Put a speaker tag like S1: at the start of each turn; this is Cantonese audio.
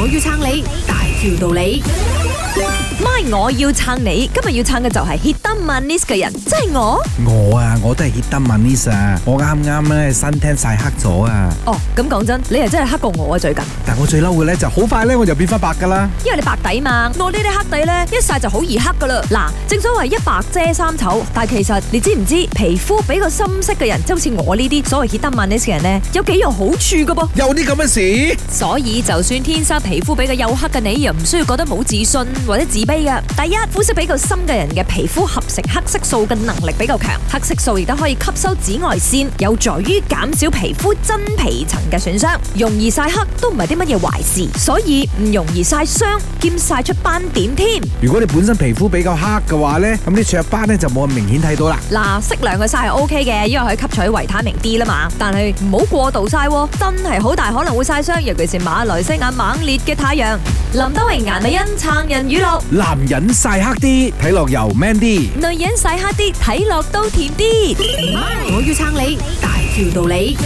S1: 我要撐你，大條道理。MY 我要撐你，今日要撐嘅就係 Hitam Manis 嘅人，即係我。
S2: 我啊，我都係 Hitam Manis 啊，我啱啱咧身聽曬黑咗啊。
S1: 哦，咁講真，你係真係黑過我啊最近。
S2: 但我最嬲嘅咧，就好快咧，我就變翻白噶啦。
S1: 因為你白底嘛，我呢啲黑底咧一曬就好易黑噶啦。嗱，正所謂一白遮三醜，但係其實你知唔知道皮膚比較深色嘅人，即好似我呢啲所謂 Hitam Manis 嘅人咧，有幾樣好處噶噃。有啲咁嘅事。所以就算天生皮膚比較黝黑嘅你，又唔需要覺得冇自信或者自嘅。第一，膚色比較深嘅人嘅皮膚合成黑色素嘅能力比較強，黑色素亦都可以吸收紫外線，有助於減少皮膚真皮層嘅損傷，容易曬黑都唔係啲乜嘢壞事，所以唔容易曬傷兼曬出斑點添。
S2: 如果你本身皮膚比較黑嘅話咧，咁啲雀斑咧就冇咁明顯睇到啦。
S1: 嗱，適量嘅曬係 OK 嘅，因為可以吸取維他命 D 啦嘛，但係唔好過度曬喎，真係好大可能會曬傷，尤其是馬來西亞猛烈嘅太陽。林德榮、顏美欣撐人語錄。
S2: 男人曬黑啲，睇落又 man 啲；
S1: 女人曬黑啲，睇落都甜啲。我要撐你，大條道理。